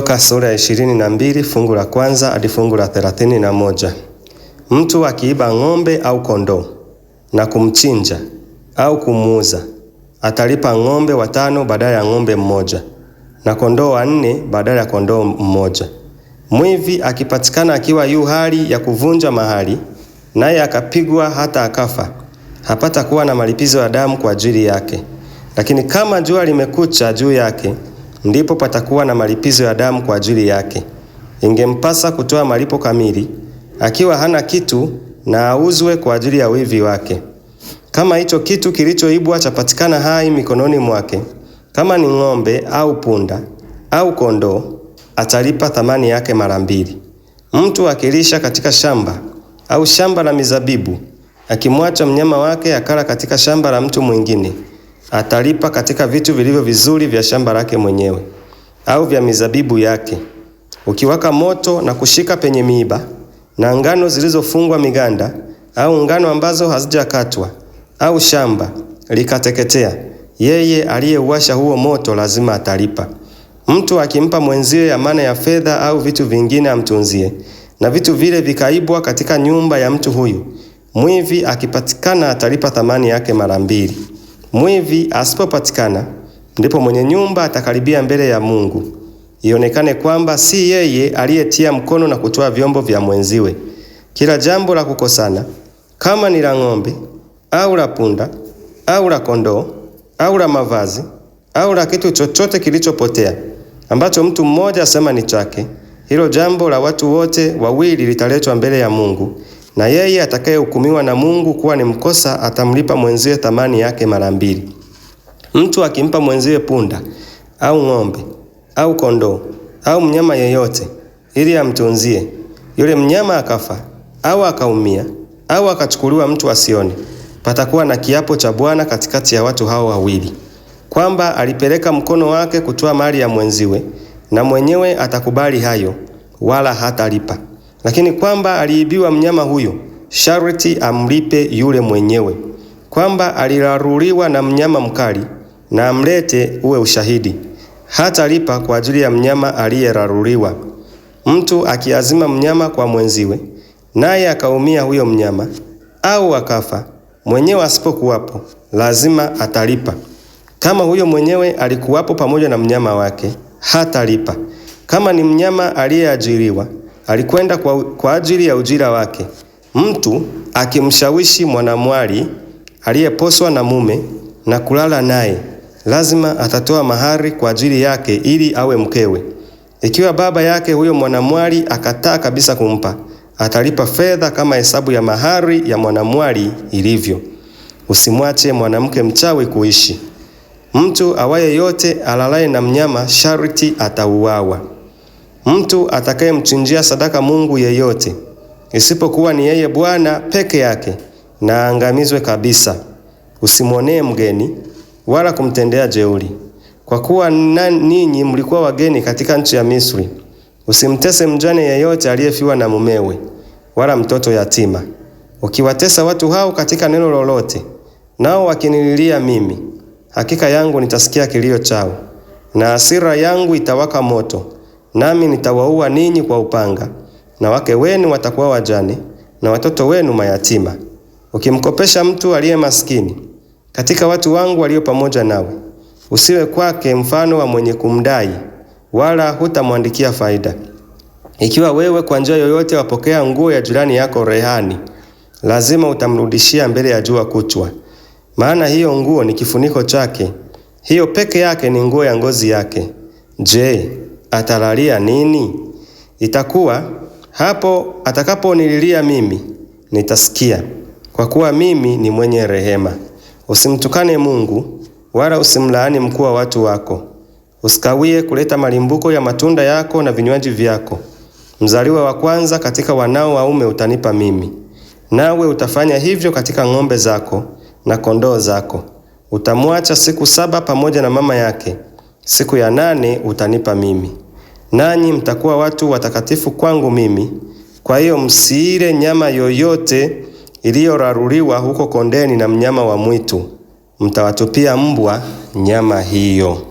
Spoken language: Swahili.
Kutoka sura ya ishirini na mbili fungu la kwanza hadi fungu la thelathini na moja. Mtu akiiba ng'ombe au kondoo na kumchinja au kumuuza atalipa ng'ombe watano badala ya ng'ombe mmoja na kondoo wanne badala ya kondoo mmoja. Mwivi akipatikana akiwa yu hali ya kuvunja mahali, naye akapigwa hata akafa, hapata kuwa na malipizo ya damu kwa ajili yake, lakini kama jua limekucha juu yake ndipo patakuwa na malipizo ya damu kwa ajili yake. Ingempasa kutoa malipo kamili, akiwa hana kitu na auzwe kwa ajili ya wivi wake. Kama hicho kitu kilichoibwa chapatikana hai mikononi mwake, kama ni ng'ombe au punda au kondoo, atalipa thamani yake mara mbili. Mtu akilisha katika shamba au shamba la mizabibu, akimwacha mnyama wake akala katika shamba la mtu mwingine atalipa katika vitu vilivyo vizuri vya shamba lake mwenyewe au vya mizabibu yake. Ukiwaka moto na kushika penye miiba na ngano zilizofungwa miganda au ngano ambazo hazijakatwa au shamba likateketea, yeye aliyeuasha huo moto lazima atalipa. Mtu akimpa mwenzie amana ya fedha au vitu vingine amtunzie, na vitu vile vikaibwa katika nyumba ya mtu huyu, mwivi akipatikana atalipa thamani yake mara mbili. Mwivi asipopatikana, ndipo mwenye nyumba atakaribia mbele ya Mungu, ionekane kwamba si yeye aliyetia mkono na kutoa vyombo vya mwenziwe. Kila jambo la kukosana, kama ni la ng'ombe au la punda au la kondoo au la mavazi au la kitu chochote kilichopotea ambacho mtu mmoja asema ni chake, hilo jambo la watu wote wawili litaletwa mbele ya Mungu na yeye atakayehukumiwa na Mungu kuwa ni mkosa atamlipa mwenziwe thamani yake mara mbili. Mtu akimpa mwenziwe punda au ng'ombe au kondoo au mnyama yeyote ili amtunzie, yule mnyama akafa au akaumia au akachukuliwa mtu asione, patakuwa na kiapo cha Bwana katikati ya watu hao wawili kwamba alipeleka mkono wake kutoa mali ya mwenziwe, na mwenyewe atakubali hayo, wala hatalipa lakini kwamba aliibiwa mnyama huyo sharti amlipe yule mwenyewe, kwamba aliraruliwa na mnyama mkali na amlete uwe ushahidi, hata lipa kwa ajili ya mnyama aliyeraruliwa. Mtu akiazima mnyama kwa mwenziwe, naye akaumia huyo mnyama au akafa, mwenyewe asipokuwapo, lazima atalipa. Kama huyo mwenyewe alikuwapo pamoja na mnyama wake, hatalipa. Kama ni mnyama aliyeajiriwa alikwenda kwa, kwa ajili ya ujira wake. Mtu akimshawishi mwanamwali aliyeposwa na mume na kulala naye, lazima atatoa mahari kwa ajili yake ili awe mkewe. Ikiwa baba yake huyo mwanamwali akataa kabisa kumpa, atalipa fedha kama hesabu ya mahari ya mwanamwali ilivyo. Usimwache mwanamke mchawi kuishi. Mtu awaye yote alalaye na mnyama sharti atauawa mtu atakayemchinjia sadaka Mungu yeyote isipokuwa ni yeye Bwana peke yake, na angamizwe kabisa. Usimwonee mgeni wala kumtendea jeuri, kwa kuwa ninyi mlikuwa wageni katika nchi ya Misri. Usimtese mjane yeyote aliyefiwa na mumewe, wala mtoto yatima. Ukiwatesa watu hao katika neno lolote, nao wakinililia mimi, hakika yangu nitasikia kilio chao, na hasira yangu itawaka moto nami nitawaua ninyi kwa upanga, na wake wenu watakuwa wajane na watoto wenu mayatima. Ukimkopesha mtu aliye maskini katika watu wangu walio pamoja nawe, usiwe kwake mfano wa mwenye kumdai, wala hutamwandikia faida. Ikiwa wewe kwa njia yoyote wapokea nguo ya jirani yako rehani, lazima utamrudishia mbele ya jua kuchwa, maana hiyo nguo ni kifuniko chake, hiyo peke yake ni nguo ya ngozi yake. Je, atalalia nini? Itakuwa hapo atakaponililia mimi nitasikia, kwa kuwa mimi ni mwenye rehema. Usimtukane Mungu wala usimlaani mkuu wa watu wako. Usikawie kuleta malimbuko ya matunda yako na vinywaji vyako. Mzaliwa wa kwanza katika wanao waume utanipa mimi, nawe utafanya hivyo katika ng'ombe zako na kondoo zako. Utamwacha siku saba pamoja na mama yake, siku ya nane utanipa mimi nanyi mtakuwa watu watakatifu kwangu mimi. Kwa hiyo msiile nyama yoyote iliyoraruliwa huko kondeni na mnyama wa mwitu, mtawatupia mbwa nyama hiyo.